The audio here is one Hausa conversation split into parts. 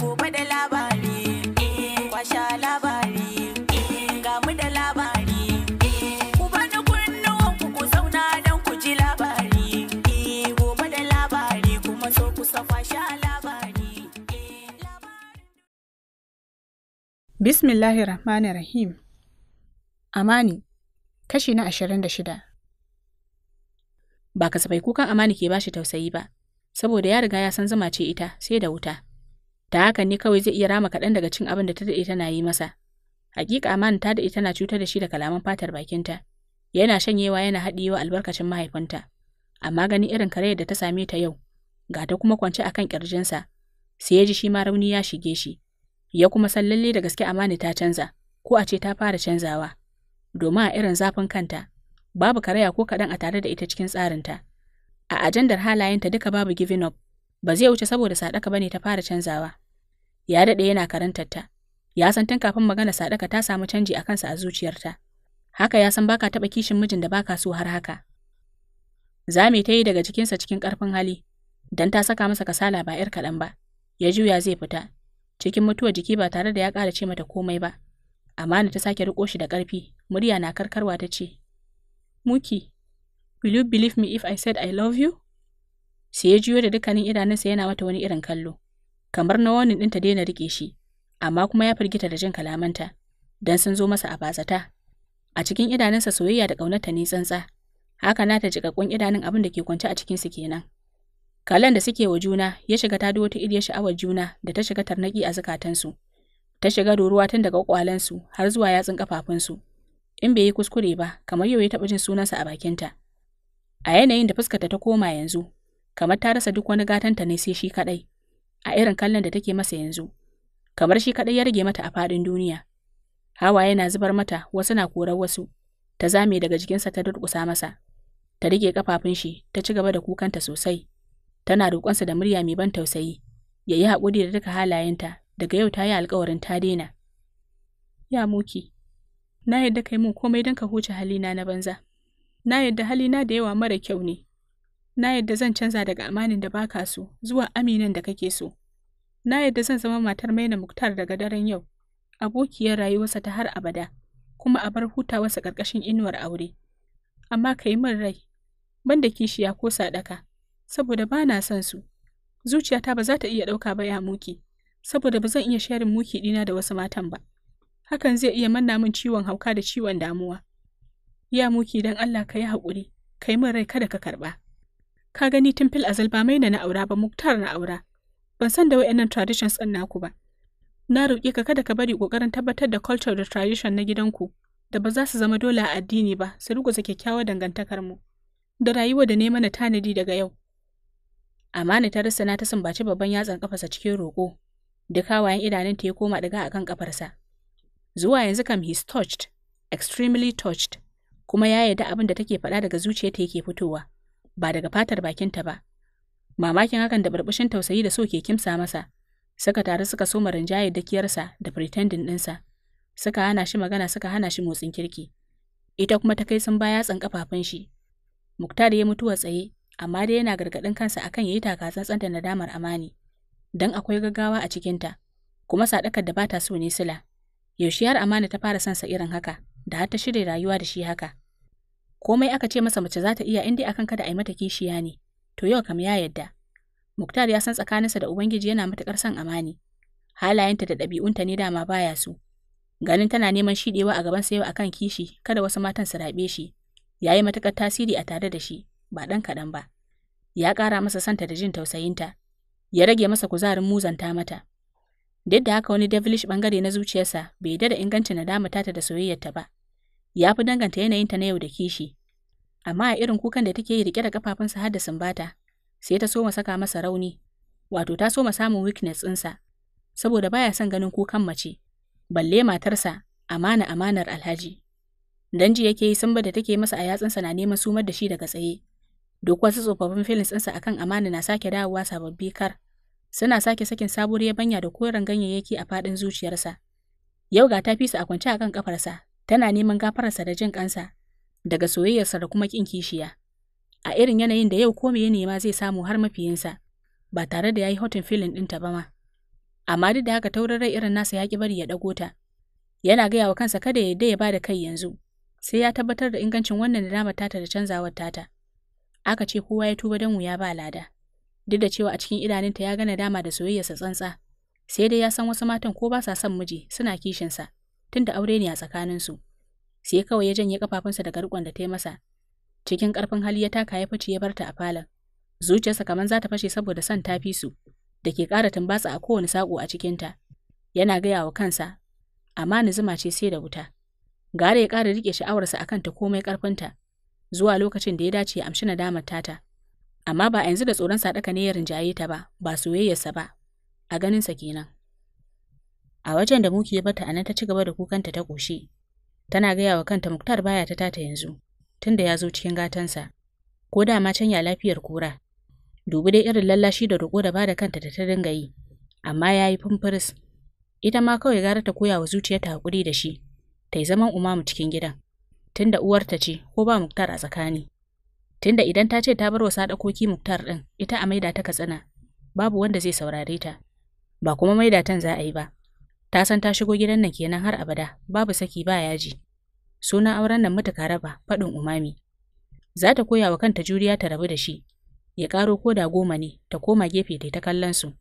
gobe da labari eh, kwasha labari eh, ga mu da labari eh, ku bani kunnuwan ku ku zauna don ku ji labari gobe da labari kuma so ku kwasha labari bismillahir rahmanir rahim amani kashi na ashirin da shida ba kasafai kukan amani ke bashi tausayi ba saboda ya riga ya san zama ce ita sai da wuta Ta hakan ne kawai zai iya rama kaɗan daga cin abin da ta daɗe tana yi masa. Hakika amana ta daɗe tana cutar da shi da kalaman fatar bakinta. Yana shanyewa yana haɗiyewa albarkacin mahaifinta. Amma ganin irin karayar da ta same ta yau, ga ta kuma kwance a akan ƙirjinsa, sai ya ji shi ma rauni ya shige shi. Ya kuma san lalle da gaske amana ta canza, ko a ce ta fara canzawa. Domin a irin zafin kanta, babu karaya ko kaɗan a tare da ita cikin tsarinta. A ajandar halayenta duka babu giving up, ba zai wuce saboda saɗaka ba ne ta fara canzawa. ya daɗe yana karantar ta. Ya san tun kafin magana sadaka ta samu canji a kansa a zuciyarta. Haka ya san baka taɓa kishin mijin da baka so har haka. Zame ta yi daga cikinsa cikin ƙarfin hali, Dan ta saka masa kasala ba 'yar kaɗan ba. Ya juya zai fita, cikin mutuwar jiki ba tare da ya ƙara ce mata komai ba. Amana ta sake riko shi da ƙarfi, murya na karkarwa ta ce, Muki, will you believe me if I said I love you? Sai ya juyo da dukkanin idanunsa yana mata wani irin kallo. kamar na wani ɗin ta daina riƙe shi, amma kuma ya firgita da jin kalamanta, don sun zo masa a bazata. A cikin idanunsa soyayya da ƙaunarta ne tsantsa, haka na ta jiƙaƙƙun idanun abin da ke kwance a cikinsu kenan. Kalan da suke wa juna ya shiga ta wata iriya sha'awar juna da ta shiga tarnaƙi a zukatansu, ta shiga doruwa tun daga ƙwalansu har zuwa yatsun ƙafafunsu. In bai yi kuskure ba, kamar yau ya taɓa jin sunansa a bakinta. A yanayin da fuskarta ta koma yanzu, kamar ta rasa duk wani gatanta ne sai shi kaɗai. a irin kallon da take masa yanzu, kamar shi kaɗai ya rage mata a faɗin duniya. Hawa yana zubar mata wasu na korar wasu, ta zame daga jikinsa ta durƙusa masa, ta rike kafafun shi ta ci gaba da kukanta sosai, tana roƙonsa da murya mai ban tausayi, ya yi haƙuri da duka halayenta daga yau ta yi alƙawarin ta daina. Ya muki, na yadda kai mun komai don ka huce halina na banza, na yadda halina da yawa mara kyau ne. Na yadda zan canza daga amanin da baka so zuwa aminan da kake so. Na yadda zan zama matar Maina Muktar daga daren yau, abokiyar rayuwarsa ta har abada, kuma a bar hutawarsa ƙarƙashin inuwar aure. Amma ka yi min rai, ban da kishiya ko sadaka, saboda ba na son su. Zuciyata ba za ta iya ɗauka ba ya muki, saboda ba zan iya sharin muki ɗina da wasu matan ba. Hakan zai iya manna min ciwon hauka da ciwon damuwa. Ya muki don Allah ka yi haƙuri, ka yi min rai kada ka karɓa. Ka gani tun fil azal ba mai na aura ba muktar na aura. Ban san da wayannan traditions ɗin naku ba. Na roƙi ka kada ka bari ƙoƙarin tabbatar da culture da tradition na gidanku da ba za su zama dole a addini ba su ruguza kyakkyawar dangantakar mu da rayuwa da neman tanadi daga yau. Amana ta rasa na ta sumbaci babban yatsan kafarsa cikin roƙo. Da kawayen idanun ta ya koma daga akan kafarsa. Zuwa yanzu kam he's touched, extremely touched, kuma ya yarda abin da take faɗa daga zuciyarta yake fitowa. ba daga fatar bakinta ba. Mamakin hakan da barbashin tausayi da so ke kimsa masa, suka taru suka so marinjaye dakiyarsa da pretending ɗinsa, suka hana shi magana suka hana shi motsin kirki. Ita kuma ta kai sun ba yatsan kafafun shi. Muktar ya mutuwa tsaye, amma dai yana gargaɗin kansa akan ya yi taka tsantsan da nadamar amani, don akwai gaggawa a cikinta, kuma sadakar da ba ta so ne sila. Yaushe har amana ta fara son sa irin haka, da har ta shirya rayuwa da shi haka. komai aka ce masa mace za ta iya dai akan kada a yi mata kishiya ne to yau kam ya yadda muktar ya san tsakaninsa da ubangiji yana matukar son amani halayenta da ɗabi'unta ne dama baya su ganin tana neman shiɗewa a gaban sayo akan kishi kada wasu matan su raɓe shi ya yi matukar tasiri a tare da shi ba ɗan kaɗan ba ya ƙara masa santa da jin tausayinta ya rage masa kuzarin muzanta mata duk da haka wani devilish bangare na zuciyarsa bai da ingancin nadama tata da soyayyarta ba ya fi danganta yanayinta na yau da kishi amma a irin kukan da take yi rike da kafafunsa har da sumbata sai ta soma saka masa rauni wato ta soma samun weakness ɗinsa saboda baya son ganin kukan mace balle matarsa amana amanar alhaji danji yake yi sumba da take masa a yatsunsa na neman sumar da shi daga tsaye duk wasu tsofaffin feelings ɗinsa akan amana na sake dawowa sababbi kar suna sake sakin sabuwar yabanya da koren ganyayyaki a faɗin zuciyarsa yau ga ta fisa a kwance akan kafarsa tana neman gafararsa da jin kansa daga soyayyarsa da kuma kin kishiya. A irin yanayin da yau ko meye ya nema zai samu har mafiyinsa, ba tare da ya yi hotin filin ɗinta ba ma. Amma duk da haka taurarai irin nasa ya ƙi bari ya ɗago ta. Yana gaya wa kansa kada ya ya ba da kai yanzu, sai ya tabbatar da ingancin wannan nadamar tata da canzawar tata. Aka ce kowa ya tuba don wuya ba lada. Duk da cewa a cikin idanunta ya gana dama da soyayyarsa tsantsa, sai dai ya san wasu matan ko ba sa son miji suna kishinsa, tunda aure ne a tsakaninsu. sai kawai ya janye kafafunsa daga rikon da ta yi masa cikin karfin hali ya taka ya fice ya bar a falon zuciyarsa kamar za ta fashe saboda son ta fi su da ke ƙara tumbatsa a kowane saƙo a cikin ta yana gaya wa kansa amma ni zuma ce sai da wuta gara ya ƙara rike sha'awarsa a kanta komai ƙarfinta zuwa lokacin da ya dace ya amshi nadamar tata amma ba a yanzu da tsoron sadaka ne ya rinjaye ta ba ba soyayyarsa ba a ganinsa kenan a wajen da muke bata ana ta ci gaba da kukanta ta ƙoshi Tana gaya wa kanta Muktar baya ta tata yanzu, tunda ya zo cikin gatansa. Ko da ma canya lafiyar kura. Dubi dai irin lallashi da roƙo da bada kanta da ta dinga yi, amma ya yi fumfuris. Ita ma kawai gara ta koya wa zuciyarta haƙuri da shi, ta yi zaman umamu cikin gidan. Tunda uwarta ce ko ba Muktar a tsakani. Tunda idan ta ce ta bar wa sadakoki Muktar ɗin, ita a maida ta katsina, babu wanda zai saurare ta. Ba kuma maida tan za a yi ba. Ta san ta shigo gidan nan kenan har abada, babu saki ba yaji. Sunan auren nan mutaka raba, faɗin umami. Za ta koya wa kanta juriya ta rabu da shi, ya ƙaro ko da goma ne, ta koma gefe ta ta kallon su.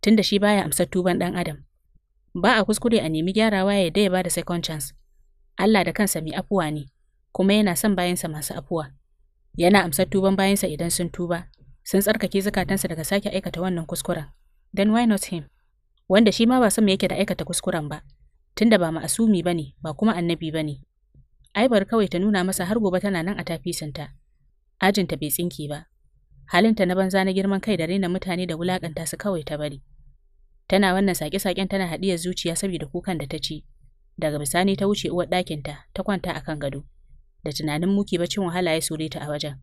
Tun da shi baya amsar tuban ɗan adam. Ba a kuskure a nemi gyarawa ya ya da second chance. Allah da kansa mai afuwa ne, kuma yana son bayansa masu afuwa. Yana amsar tuban bayansa idan sun tuba, sun tsarkake zukatansa daga sake aikata wannan kuskuren. Then why not him? wanda shi ma ba san me yake da aikata kuskuren ba, tunda ba ma'asumi ba ne, ba kuma annabi ba ne. Aibar kawai ta nuna masa har gobe tana nan a tafisinta. Ajinta bai tsinki ba. Halinta na banza na girman kai da raina mutane da wulakanta su kawai ta bari. Tana wannan sake-saken tana hadiyar zuciya saboda kukan da ta ci. Daga bisani ta wuce uwar ɗakinta, ta kwanta akan gado. Da tunanin muki ba bacin wahala ya sure ta a wajen.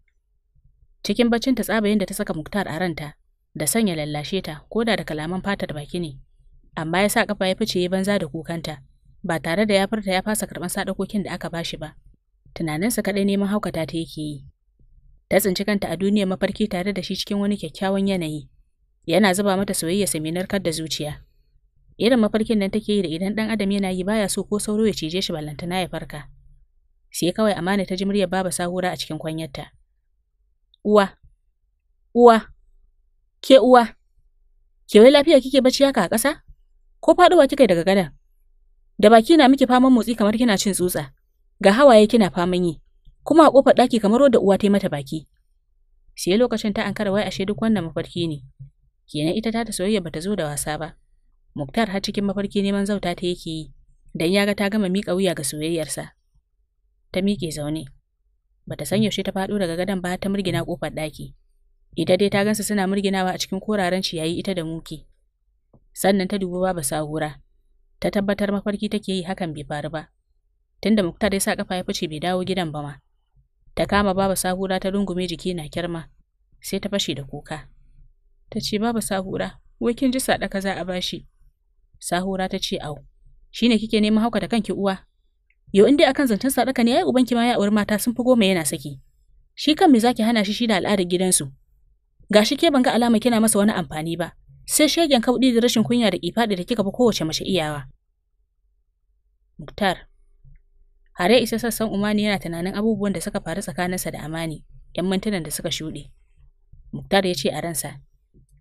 Cikin bacin ta tsaba da ta saka Muktar a ranta, da sanya lallashe ta koda da kalaman fatar baki ne amma ya sa kafa ya fice ya banza da kukanta, ba tare da ya furta ya fasa karban sadakokin da aka bashi ba. Tunaninsa kaɗai neman haukata ta yake yi. Ta tsinci kanta a Duniya mafarki tare da shi cikin wani kyakkyawan yanayi. Yana zuba mata soyayya minar kar da zuciya. Irin mafarkin nan take yi da idan ɗan adam yana yi baya so ko sauro ya cije shi ballantana ya farka. Sai kawai amana ta ji murya baba sahura a cikin kwanyarta. Uwa, uwa, ke uwa, ke wai lafiya kike bacci haka a ƙasa? ko faɗowa kika daga gadan da baki na miki faman motsi kamar kina cin tsutsa ga hawaye kina faman yi kuma a kofar ɗaki kamar wadda uwa ta mata baki sai lokacin ta ankara wai ashe duk wannan mafarki ne kenan ita ta ta soyayya bata zo da wasa ba muktar har cikin mafarki neman zauta ta yake yi dan ya ga ta gama miƙa wuya ga soyayyarsa ta miƙe zaune bata san yaushe ta faɗo daga gadon ba ta murgina kofar ɗaki ita dai ta gansa suna murginawa a cikin koraren ciyayi ita da muke. sannan ta dubi babu sahura ta tabbatar mafarki take yi hakan bai faru ba tunda muktar ya sa kafa ya fice bai dawo gidan ba ma ta kama babu sahura ta rungume jiki na kirma sai ta fashe da kuka ta ce babu sahura wai kin ji sadaka za a bashi sahura ta ce au shine kike neman hauka da kanki uwa yau in akan zancen sadaka ne ai ubanki ma ya auri mata sun fi goma yana saki shi kan me zaki hana shi shi da al'adar gidansu gashi ke ban ga alama kina masa wani amfani ba sai shegen kauɗi da rashin kunya da faɗi da kika fi kowace mace iyawa. Muktar Hare isa sassan Umani yana tunanin abubuwan da suka faru tsakaninsa da Amani, ‘yan mintunan da suka shuɗe. Muktar ya ce a ransa,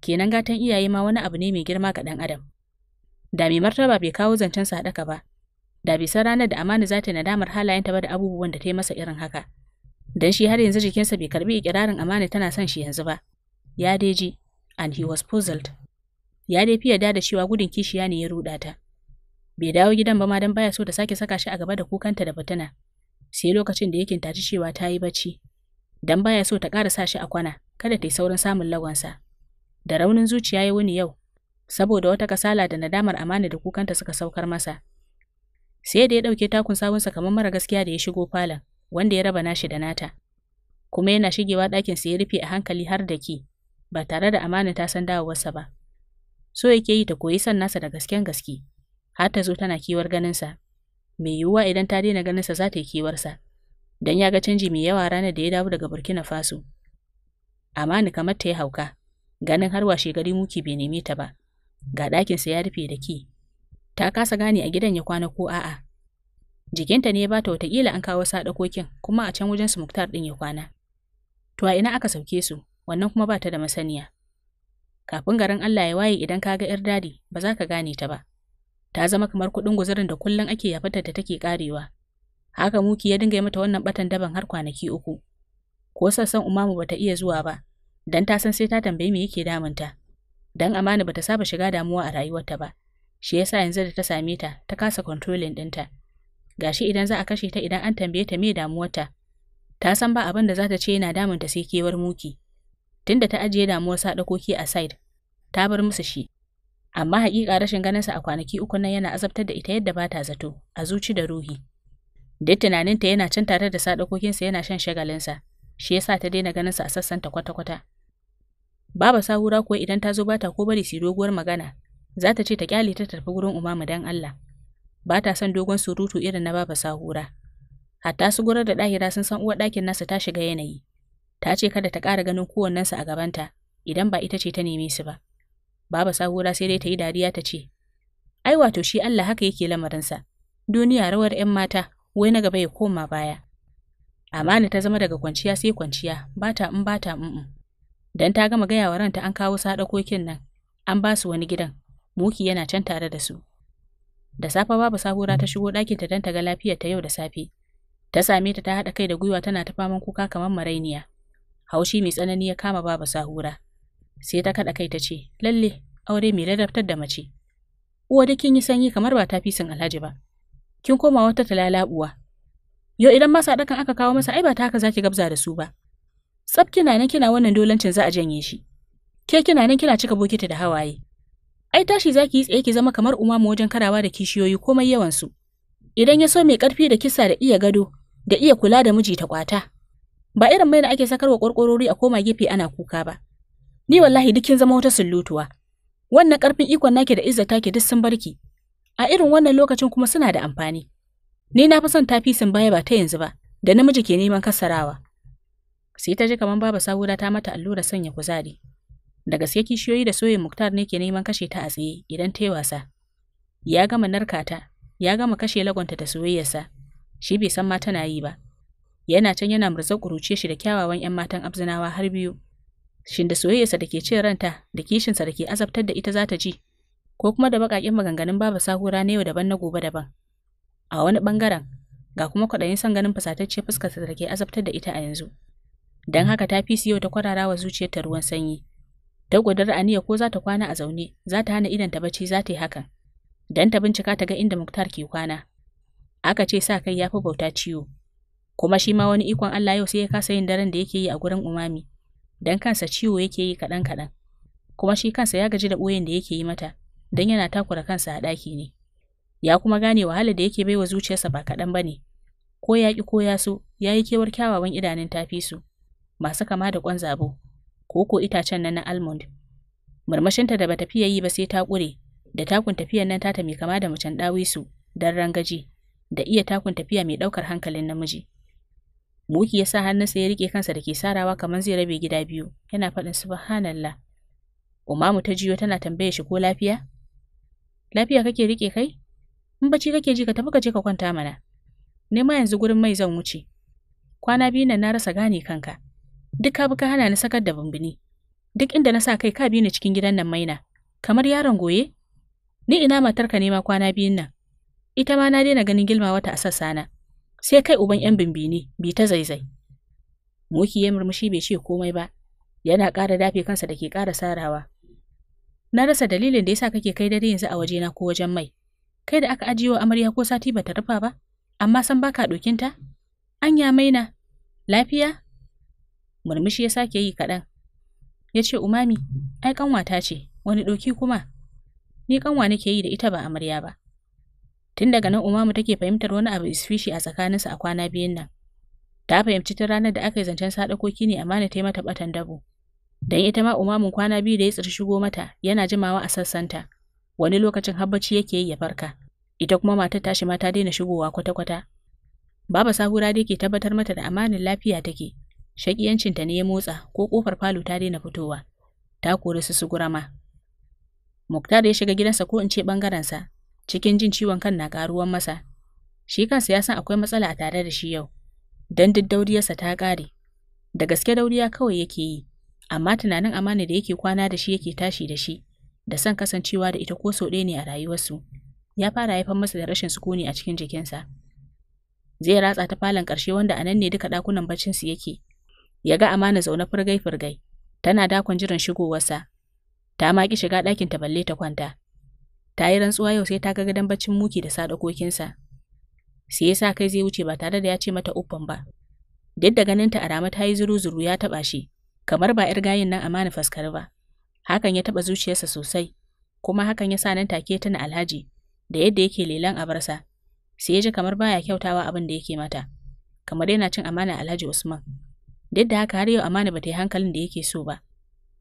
kenan gatan iyaye ma wani abu ne mai girma ga ɗan Adam. Da mai martaba bai kawo zancen sa haɗaka ba, da bai san ranar da Amani za ta nadamar halayenta ba da abubuwan da ta yi masa irin haka. Dan shi har yanzu jikinsa bai karɓi ikirarin Amani tana son shi yanzu ba. Ya deji, and he was puzzled. ya dai fi yarda da cewa gudun kishiya ne ya ruɗa ta. Bai dawo gidan ba ma don baya so ta sake saka shi a gaba da kukanta da fitina, sai lokacin da yake taci cewa ta yi bacci, don baya so ta ƙara sa shi a kwana, kada ta yi saurin samun lagonsa. Da raunin zuciya ya wuni yau, saboda wata kasala da nadamar amana da kukanta suka saukar masa. Sai da ya ɗauke takun sabunsa kamar mara gaskiya da ya shigo falon, wanda ya raba nashi da nata. Kuma yana shigewa ɗakin sa ya rufe a hankali har da ki, ba tare da amana ta san dawowarsa ba. so yake yi ta koyi son nasa da gasken gaske har ta zo tana kiwar ganinsa mai yiwuwa idan ta daina ganinsa za ta yi sa? Dan ya ga canji mai yawa ranar da ya dawo daga burkina faso amani kamar ta yi hauka ganin har washe gari muki bai neme ta ba ga ɗakinsa ya rufe da ki ta kasa gane a gidan ya kwana ko a'a jikinta ne ya bata watakila an kawo saɗakokin kuma a can wajen su muktar ɗin ya kwana to a ina aka sauke su wannan kuma bata da masaniya kafin garin Allah ya waye idan ka ga ‘yar dadi ba za ka gane ta ba. Ta zama kamar kuɗin guzurin da kullum ake yafatar da take karewa. Haka Muki ya dinga yi mata wannan batan daban har kwanaki uku. Ko sassan Umamu bata iya zuwa ba, dan ta san sai ta tambayi me yake ta. Dan Amana bata saba shiga damuwa a rayuwarta ba. Shi yasa yanzu da ta same ta, ta kasa controlling ɗinta. Gashi idan za a kashe ta idan an tambaye ta me damuwarta, ta san ba abin da za ta ce yana damun ta sai kewar Muki. tunda ta ajiye damuwar saɗakoki a side ta bar musu shi amma haƙiƙa rashin ganinsa a kwanaki uku nan yana azabtar da ita yadda bata zato a zuci da ruhi duk tunaninta yana can tare da sadakokinsa yana shan shagalinsa shi yasa ta daina ganin sa a sassanta kwata-kwata baba sahura kuwa idan ta zo bata ko bari su doguwar magana za ta ce ta kyale ta tafi gurin umamu dan Allah ba ta son dogon surutu irin na baba sahura hatta su gurar da ɗahira sun san uwar ɗakin nasa ta shiga yanayi ta ce kada ta ƙara ganin kowannensu a gabanta idan ba ita ce ta neme su ba. Baba sahura sai dai ta yi dariya ta ce, Ai wato shi Allah haka yake lamarinsa, duniya rawar ‘yan mata wai na gaba ya koma baya. Amana ta zama daga kwanciya sai kwanciya, bata in um, bata in um, um. Dan ta gama gaya wa ranta an kawo saɗakokin nan, an ba su wani gidan, muki yana can tare da su. Da safe babu sahura ta shigo ɗakinta don ta ga lafiyar ta yau da safe. Ta same ta ta haɗa kai da gwiwa tana ta faman kuka kamar marainiya. haushi mai tsanani ya kama baba sahura sai ta kaɗa kai ta ce lalle aure mai ladabtar da mace uwa da kin yi sanyi kamar ba tafisin alhaji ba kin koma wata talalabuwa Yo idan masa dakan aka kawo masa ai ba ta haka zaki gabza da su ba tsaf kina nan kina wannan dolancin za a janye shi ke kina nan kina cika bokiti da hawaye ai tashi zaki yi tsaye ki zama kamar umama wajen karawa da kishiyoyi komai yawan su idan ya so mai karfi da kisa da iya gado da iya kula da miji ta kwata ba irin mai da ake wa ƙwarƙwarori a koma gefe ana kuka ba ni wallahi dukin zama wata sulutuwa. wannan ƙarfin ikon nake da izzata ke duk sun barki a irin wannan lokacin kuma suna da amfani ni na fi son tafisin baya ba ta yanzu ba da namiji ke neman kassarawa sai ta ji kamar baba sabuwa ta mata allura sanya kuzari da gaske kishiyoyi da soyin muktar ne ke neman kashe ta a tsaye idan ta yi wasa ya gama narkata ya gama kashe lagonta da soyayyarsa shi bai san ma tana yi ba yana can yana murza kuruce shi da kyawawan 'yan matan abzinawa har biyu. Shin da soyayyarsa da ke cin ranta da kishinsa da ke azabtar da ita za ta ji, ko kuma da baƙaƙen maganganun baba sahura na yau daban na gobe daban. A wani ɓangaren, ga kuma kwaɗayin son ganin fasatacce fuskarsa da ke azabtar da ita a yanzu. Don haka ta fi yau ta kwarara wa zuciyarta ruwan sanyi. Ta gudar aniya ko za ta kwana a zaune, za ta hana ta bacci za ta yi hakan. Don ta bincika ta ga inda Muktar ke kwana. Aka ce sa kai ya fi bauta ciwo. kuma shi ma wani ikon Allah yau sai ya kasa yin daren da yake yi a gurin umami dan kansa ciwo yake yi kaɗan kaɗan kuma shi kansa ya gaji da ɓoyin da yake yi mata dan yana takura kansa a ɗaki ne ya kuma gane wahala da yake baiwa zuciyarsa ba kaɗan ba ne ko ya ƙi ko ya so ya yi kewar kyawawan idanun tafisu masu kama da ƙwan zabo ko ko itacen nan na almond murmushinta da bata fiye yi ba sai ta ƙure da takun tafiyar nan ta mai kama da macen ɗawisu don rangaji da iya takun tafiya mai ɗaukar hankalin namiji. Buki ya sa hannunsa ya rike kansa da ke sarawa kamar zai rabe gida biyu, yana faɗin subhanallah. Umamu ta jiyo tana tambaye shi ko lafiya? Lafiya kake rike kai? In bacci kake ji ka tafi ka je ka kwanta mana. Nema yanzu gurin mai zan wuce. Kwana biyu nan na rasa gane kanka. Duk ka buka hana ni sakar da bumbuni. Duk inda na sa kai ka bi ni cikin gidan nan maina. Kamar yaron goye? Ni ina matarka ma kwana biyun nan. Ita ma na daina ganin gilma wata a sassa na. sai kai uban yan bimbini bi ta zaizai muki ya murmushi bai ce komai ba yana ƙara dafe kansa da ke ƙara sarawa na rasa dalilin da yasa kake kai dare yanzu a wajena ko wajen mai kai da aka ajiye amarya ko sati bata rufa ba amma san baka dokinta anya maina lafiya murmushi ya sake yi kaɗan ya ce umami ai ƙanwata ce wani ɗoki kuma ni ƙanwa nake yi da ita ba amarya ba Tun daga nan Umamu take fahimtar wani abu is a a tsakaninsu a kwana biyun nan. Ta fahimci ta ranar da aka yi zancen sadakoki ne amma ta yi mata batan dabo. Dan ita ma Umamun kwana biyu da ya tsiri shigo mata yana jimawa a sassanta. Wani lokacin habbaci yake yi ya farka. Ita kuma matar tashi ma ta daina shigowa kwata-kwata. Baba Sahura da ke tabbatar mata da amanin lafiya take. Shakiyancinta ne ya motsa ko kofar falo ta daina fitowa. Ta kori su su gurama. Muktar ya shiga gidansa ko in ce ɓangarensa cikin jin ciwon kan na ƙaruwan masa. Shi kansa ya san akwai matsala a tare da shi yau, don duk dauriyarsa ta ƙare. Da gaske dauriya kawai yake yi, amma tunanin amana da yake kwana da shi yake tashi da shi, da son kasancewa da ita ko sau ɗaya ne a rayuwarsu, ya fara haifar masa da rashin sukuni a cikin jikinsa. Zai ratsa ta falon ƙarshe wanda a nan ne duka ɗakunan baccinsu yake, ya ga amana zaune furgai-furgai, tana dakon jiran shigowarsa, ta maƙi shiga ɗakin ta balle ta kwanta. ta yi rantsuwa yau sai ta ga gadon baccin muki da sadakokinsa. Sai ya sa kai zai wuce ba tare da ya ce mata uffan ba. Duk da ganinta a rama ta yi zuru-zuru ya taɓa shi, kamar ba ‘yar gayin nan amana faskar ba. Hakan ya taɓa zuciyarsa sosai, kuma hakan ya sa nan take tana alhaji, da yadda yake lelan abarsa, sai ya ji kamar baya kyautawa abin da yake mata, kamar yana cin amana Alhaji Usman. Duk da haka har yau amana ba ta yi hankalin da yake so ba.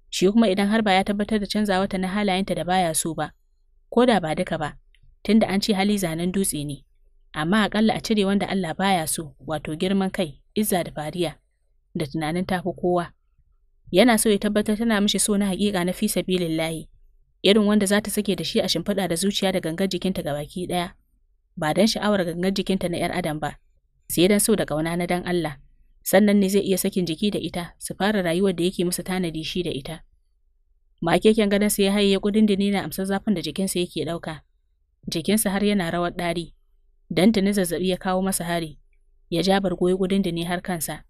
Shi kuma idan har ba ya tabbatar da canzawa ta na halayenta da baya so ba, ko da ba duka ba, tunda an ce hali zanen dutse ne, amma aƙalla a cire wanda Allah baya so, wato girman kai, izza da fariya, da tunanin tafi kowa. Yana so ya tabbatar tana mishi so na haƙiƙa na fi sabilillahi, irin wanda za ta sake da shi a shimfiɗa da zuciya da gangar jikinta ga baki ɗaya, ba dan sha'awar gangar jikinta na ‘yar adam ba, sai dan so da ƙauna na dan Allah, sannan ne zai iya sakin jiki da ita su fara rayuwar da yake musu tanadi shi da ita. ma kyan gadon sai ya haye ya kudin dini na amsar zafin da jikinsa yake ɗauka. jikinsa har yana rawar ɗari. dan tuni zazzabi ya kawo masa hari ya ja bargo ya kudin dini har kansa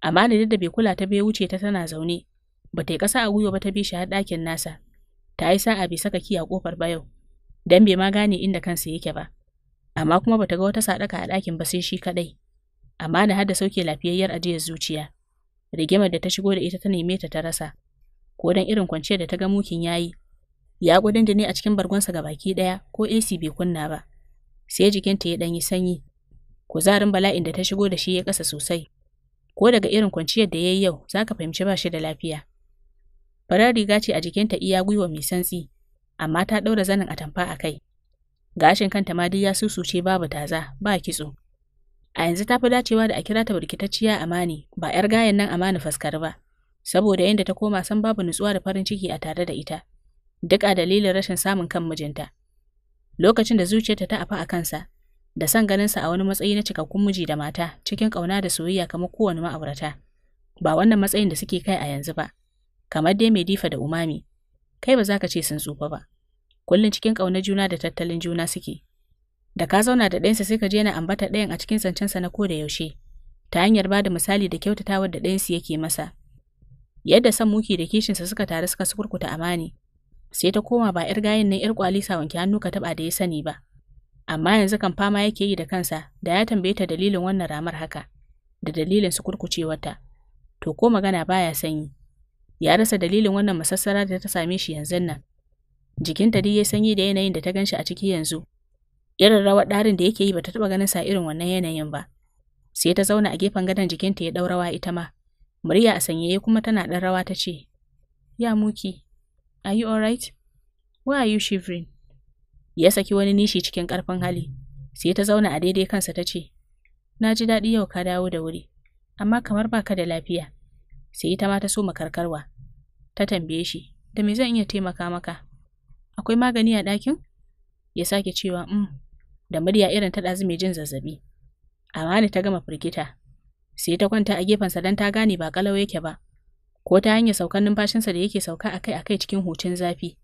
amma da da bai kula ta bai wuce ta tana zaune ba ta yi ƙasa a gwiwa ba ta bi shi har ɗakin nasa ta yi sa'a bai saka kiya kofar ba yau dan bai ma gane inda kansa yake ba amma kuma ba ta ga wata saɗaka a ɗakin ba sai shi kaɗai amma na da sauke lafiyayyar ajiyar zuciya rigimar da ta shigo da ita ta neme ta ta rasa ko dan irin kwanciyar da ta ga mukin yayi. Ya gudun ne a cikin bargonsa ga baki ɗaya ko AC bai kunna ba. Sai jikinta ya ɗanyi sanyi. Kuzarin bala'in da ta shigo da shi ya kasa sosai. Ko daga irin kwanciyar da ya yi yau za ka fahimci ba shi da lafiya. Farar riga ce a jikinta iya gwiwa mai santsi, amma ta ɗaura zanin atamfa a kai. Gashin kanta ma duk ya susuce babu taza, ba kitso. A yanzu ta fi dacewa da a kira ta Amani, ba 'yar gayan nan Amani faskar ba. saboda yadda ta koma san babu nutsuwa da farin ciki a tare da ita, duk a dalilin rashin samun kan mijinta. Lokacin da zuciyarta ta afa a kansa, da son ganinsa a wani matsayi na cikakkun miji da mata cikin ƙauna da soyayya kamar kowane ma'aurata, ba wannan matsayin da suke kai a yanzu ba, kamar dai mai difa da umami, kai ba za ka ce sun tsufa ba. Kullum cikin ƙaunar juna da tattalin juna suke. Da ka zauna da ɗayansa sai ka je na ambata ɗayan a cikin zancensa na ko da yaushe, ta hanyar ba da misali da kyautatawar da ɗayansu yake masa, yadda san muki da kishinsa suka taru suka sukurkuta amani sai ta koma ba yar gayin nan yar kwalisa wanke hannu ka taba da ya sani ba amma yanzu kan fama yake yi da kansa da ya tambaye ta dalilin wannan ramar haka da dalilin sukurkucewarta to ko magana baya sanyi ya rasa dalilin wannan masassara da ta same shi yanzu nan jikinta dai ya sanyi da yanayin da ta ganshi a ciki yanzu irin rawar ɗarin da yake yi ba ta taɓa ganin sa irin wannan yanayin ba sai ta zauna a gefen gadon jikinta ya wa ita ma Murya a sanyaye kuma tana ɗan rawa ta ce, Ya muki, are you alright? Why are you shivering? Ya saki wani nishi cikin ƙarfin hali, sai ta zauna a daidai kansa ta ce, Na ji daɗi yau ka dawo da wuri, amma kamar baka da lafiya. Sai ita ma ta so makarkarwa. Ta tambaye shi, da me zan iya taimaka maka? Akwai magani a ɗakin? Ya sake cewa, mm, da murya irin ta ɗazu mai jin zazzabi. Amani ta gama firgita, sai ta kwanta a gefen sa don ta gane ba kalau yake ba ko ta hanyar saukan numfashinsa da yake sauka akai-akai cikin hucin zafi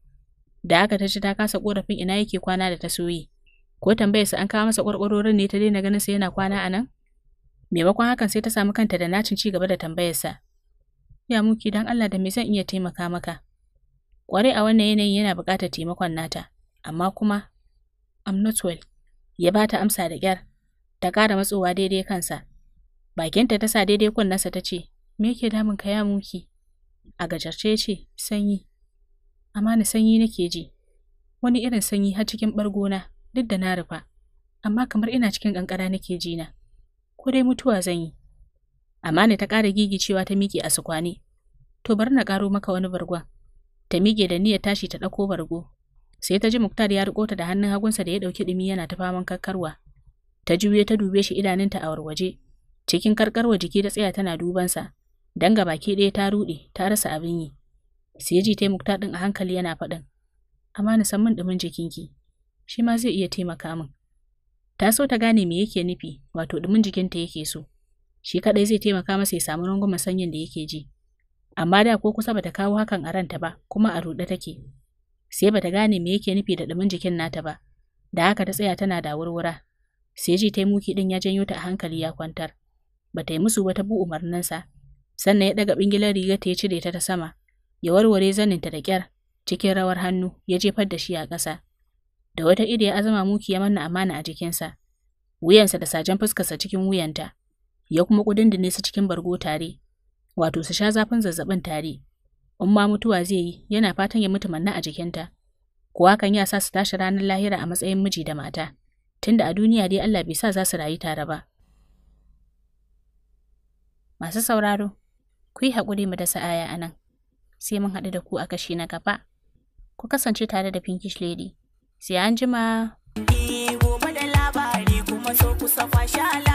da aka ta ci ta kasa korafin ina yake kwana da ta soyi ko tambayarsa an kawo masa ƙwarƙwarorin ne ta daina ganin sa yana kwana a nan maimakon hakan sai ta samu kanta da nacin ci gaba da tambayarsa ya muki dan Allah da me zan iya taimaka maka ƙwarai a wannan yanayin yana buƙatar taimakon nata amma kuma I'm not well ya ba ta amsa da kyar ta ƙara matsowa daidai kansa Bakinta ta sa daidai kunnarsa ta ce, Me yake damun ka ya muki? A gajarce ya ce, Sanyi. Amma ni sanyi nake ji. Wani irin sanyi har cikin bargona, duk da na rufa. Amma kamar ina cikin ƙanƙara nake ji na. Ko dai mutuwa zan yi. Amma ni ta ƙara gigicewa ta miƙe a sukwane. To bari na ƙaro maka wani bargo. Ta miƙe da niyyar tashi ta ɗauko bargo. Sai ta ji Muktar ya riƙo ta da hannun hagunsa da ya ɗauki ɗumi yana ta faman kakkarwa. Ta juye ta dube shi idanunta a warwaje. Cikin karkarwa jiki da tsaya tana dubansa, dan ga baki ɗaya ta ruɗe, ta rasa abin yi. Siyaji ta mukta ɗin a hankali yana faɗin. Amma na san min ɗumin jikinki, shi ma zai iya taimaka min. Ta so ta gane me yake nufi, wato ɗumin jikinta yake so. Shi kaɗai zai taimaka masa ya samu rungumar sanyin da yake ji. Amma da ko kusa bata kawo hakan a ranta ba, kuma a ruɗe take. Sai bata gane me yake nufi da ɗumin jikin nata ba, da haka ta tsaya tana da wurwura. Sai ji ɗin ya janyo ta a hankali ya kwantar. ba ta yi musu ba wata bu umarninsa, sannan ya ɗaga ɓingilar riga ta ya cire ta ta sama, ya warware zaninta da kyar. cikin rawar hannu ya jefar da shi a ƙasa. Da wata ido ya azama muki ya manna amana a jikinsa, wuyansa da sajen fuskarsa cikin wuyanta, ya kuma ne su cikin bargo tare, wato su sha zafin zazzabin tare. in ma mutuwa zai yi yana fatan ya mutu manna a jikinta kuwa kan ya sa su tashi ranar lahira a matsayin miji da mata tunda a duniya dai Allah bai sa za su rayu tare ba Masu sauraro, ku yi haƙuri mu da aya a nan, sai mun haɗu da ku a kashi na gaba. Ku kasance tare da Pinkish Lady. Sai an jima. Ni gobe da labari kuma so safa shala.